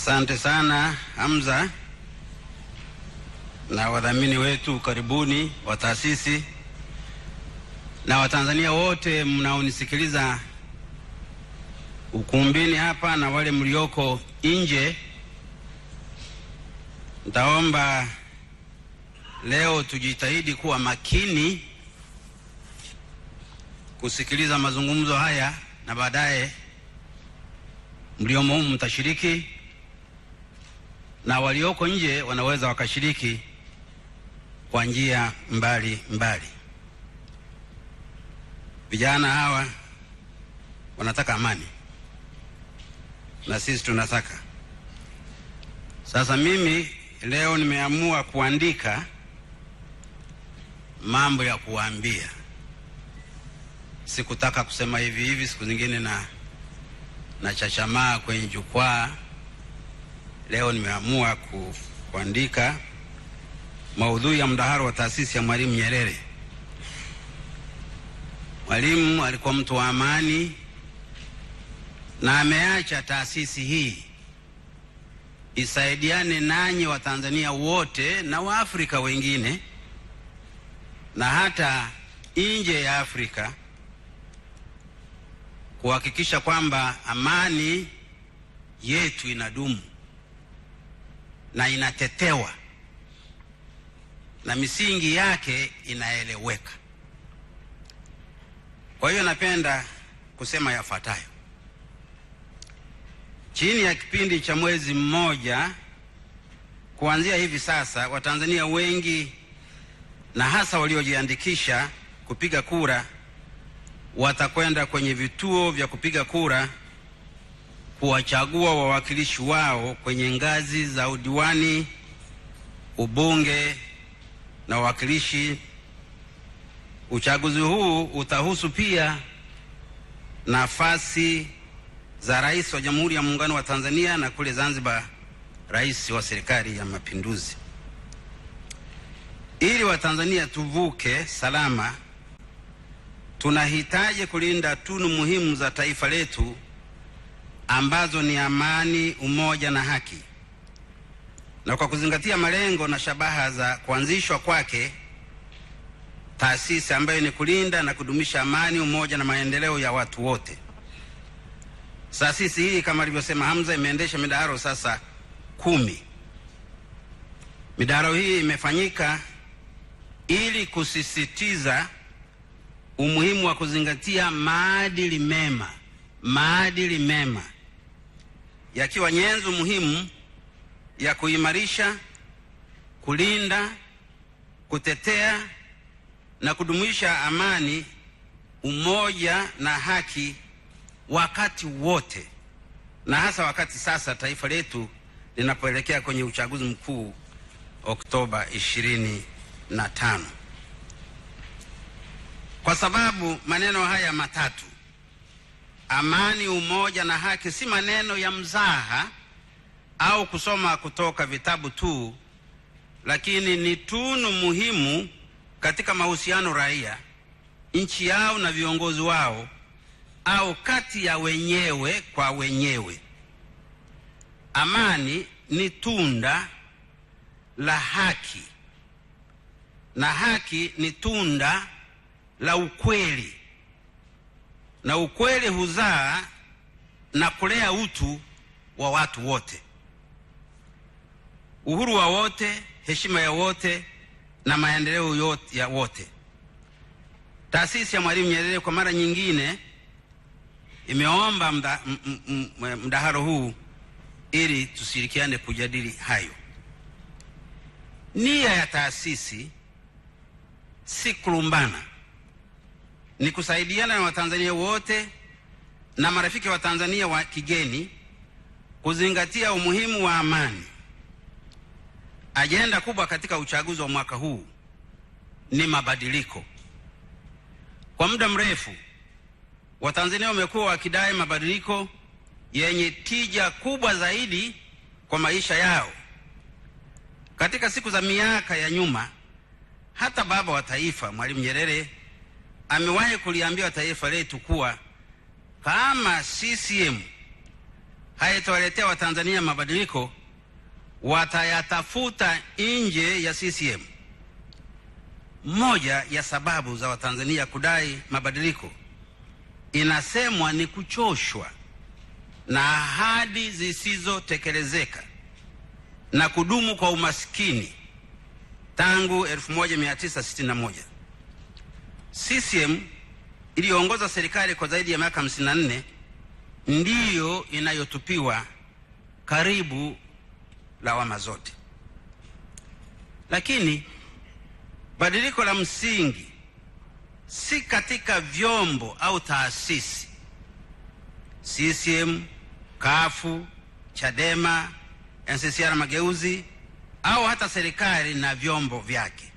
Asante sana Hamza na wadhamini wetu, karibuni wa taasisi na Watanzania wote mnaonisikiliza ukumbini hapa na wale mlioko nje. Nitaomba leo tujitahidi kuwa makini kusikiliza mazungumzo haya, na baadaye mliomo humu mtashiriki na walioko nje wanaweza wakashiriki kwa njia mbali mbali. Vijana hawa wanataka amani na sisi tunataka. Sasa mimi leo nimeamua kuandika mambo ya kuwaambia. Sikutaka kusema hivi hivi siku zingine na na chachamaa kwenye jukwaa leo nimeamua kuandika maudhui ya mdahalo wa taasisi ya Mwalimu Nyerere. Mwalimu alikuwa mtu wa amani na ameacha taasisi hii isaidiane nanyi Watanzania wote na Waafrika wengine na hata nje ya Afrika kuhakikisha kwamba amani yetu inadumu na inatetewa na misingi yake inaeleweka. Kwa hiyo napenda kusema yafuatayo. Chini ya kipindi cha mwezi mmoja kuanzia hivi sasa, Watanzania wengi na hasa waliojiandikisha kupiga kura watakwenda kwenye vituo vya kupiga kura kuwachagua wawakilishi wao kwenye ngazi za udiwani, ubunge na wawakilishi. Uchaguzi huu utahusu pia nafasi za rais wa Jamhuri ya Muungano wa Tanzania na kule Zanzibar rais wa Serikali ya Mapinduzi. Ili Watanzania tuvuke salama, tunahitaji kulinda tunu muhimu za taifa letu ambazo ni amani, umoja na haki. Na kwa kuzingatia malengo na shabaha za kuanzishwa kwake, taasisi ambayo ni kulinda na kudumisha amani, umoja na maendeleo ya watu wote. Taasisi hii kama alivyosema Hamza imeendesha midaharo sasa kumi. Midaharo hii imefanyika ili kusisitiza umuhimu wa kuzingatia maadili mema, maadili mema yakiwa nyenzo muhimu ya kuimarisha, kulinda, kutetea na kudumisha amani, umoja na haki wakati wote na hasa wakati sasa taifa letu linapoelekea kwenye uchaguzi mkuu Oktoba 25. Kwa sababu maneno haya matatu Amani, umoja na haki si maneno ya mzaha au kusoma kutoka vitabu tu, lakini ni tunu muhimu katika mahusiano raia, nchi yao na viongozi wao, au kati ya wenyewe kwa wenyewe. Amani ni tunda la haki na haki ni tunda la ukweli na ukweli huzaa na kulea utu wa watu wote, uhuru wa wote, heshima ya wote na maendeleo yote ya wote. Taasisi ya Mwalimu Nyerere kwa mara nyingine imeomba mda, mdaharo huu ili tushirikiane kujadili hayo. Nia ya taasisi si kulumbana ni kusaidiana na Watanzania wote na marafiki wa Tanzania wa kigeni kuzingatia umuhimu wa amani. Ajenda kubwa katika uchaguzi wa mwaka huu ni mabadiliko. Kwa muda mrefu Watanzania wamekuwa wakidai mabadiliko yenye tija kubwa zaidi kwa maisha yao. Katika siku za miaka ya nyuma, hata baba wa taifa Mwalimu Nyerere amewahi kuliambiwa taifa letu kuwa kama CCM haitawaletea Watanzania mabadiliko watayatafuta nje ya CCM. Moja ya sababu za Watanzania kudai mabadiliko inasemwa ni kuchoshwa na ahadi zisizotekelezeka na kudumu kwa umaskini tangu 1961. CCM iliyoongoza serikali kwa zaidi ya miaka 54 ndiyo inayotupiwa karibu lawama zote, lakini badiliko la msingi si katika vyombo au taasisi. CCM, kafu, Chadema, NCCR Mageuzi au hata serikali na vyombo vyake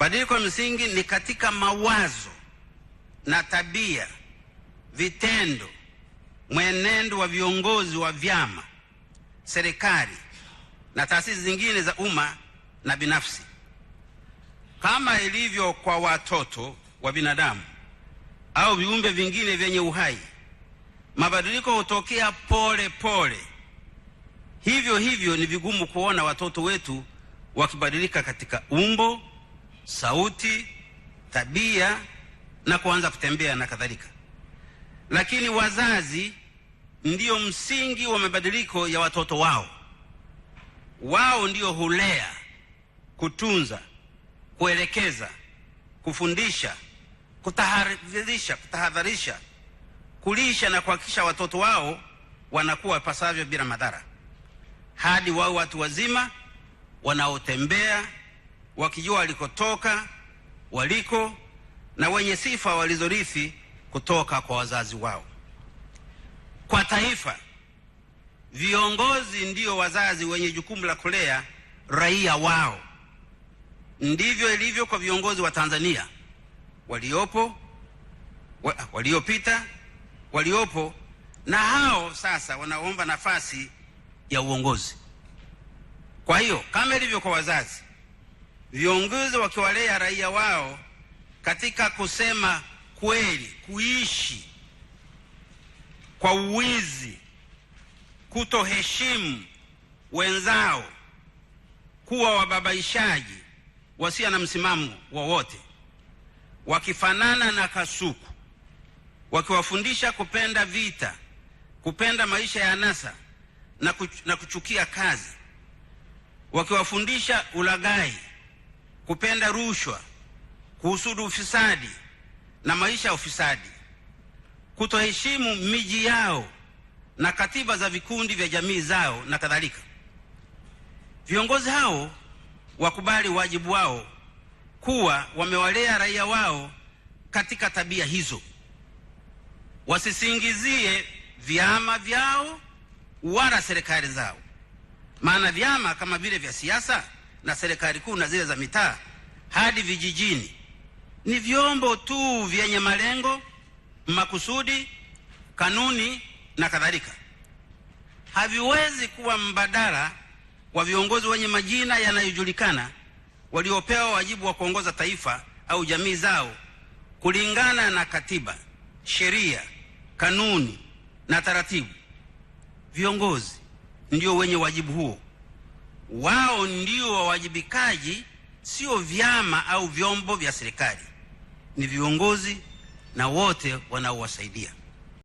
Badiliko la msingi ni katika mawazo na tabia, vitendo, mwenendo wa viongozi wa vyama, serikali na taasisi zingine za umma na binafsi. Kama ilivyo kwa watoto wa binadamu au viumbe vingine vyenye uhai, mabadiliko hutokea pole pole. Hivyo hivyo, ni vigumu kuona watoto wetu wakibadilika katika umbo sauti, tabia na kuanza kutembea na kadhalika. Lakini wazazi ndio msingi wa mabadiliko ya watoto wao. Wao ndio hulea, kutunza, kuelekeza, kufundisha, kutahadharisha, kutahadharisha, kulisha na kuhakikisha watoto wao wanakuwa pasavyo bila madhara hadi wao watu wazima wanaotembea wakijua walikotoka, waliko na wenye sifa walizorithi kutoka kwa wazazi wao. Kwa taifa, viongozi ndio wazazi wenye jukumu la kulea raia wao. Ndivyo ilivyo kwa viongozi wa Tanzania waliopo, waliopita, waliopo na hao sasa wanaomba nafasi ya uongozi. Kwa hiyo kama ilivyo kwa wazazi viongozi wakiwalea raia wao katika kusema kweli, kuishi kwa uwizi, kutoheshimu wenzao, kuwa wababaishaji wasio na msimamo wowote, wakifanana na kasuku, wakiwafundisha kupenda vita, kupenda maisha ya anasa na kuchukia kazi, wakiwafundisha ulaghai kupenda rushwa, kuhusudu ufisadi na maisha ya ufisadi, kutoheshimu miji yao na katiba za vikundi vya jamii zao na kadhalika. Viongozi hao wakubali wajibu wao kuwa wamewalea raia wao katika tabia hizo, wasisingizie vyama vyao wala serikali zao, maana vyama kama vile vya siasa na serikali kuu na zile za mitaa hadi vijijini ni vyombo tu vyenye malengo, makusudi, kanuni na kadhalika, haviwezi kuwa mbadala wa viongozi wenye majina yanayojulikana waliopewa wajibu wa kuongoza taifa au jamii zao kulingana na katiba, sheria, kanuni na taratibu. Viongozi ndio wenye wajibu huo wao ndio wawajibikaji, sio vyama au vyombo vya serikali, ni viongozi na wote wanaowasaidia.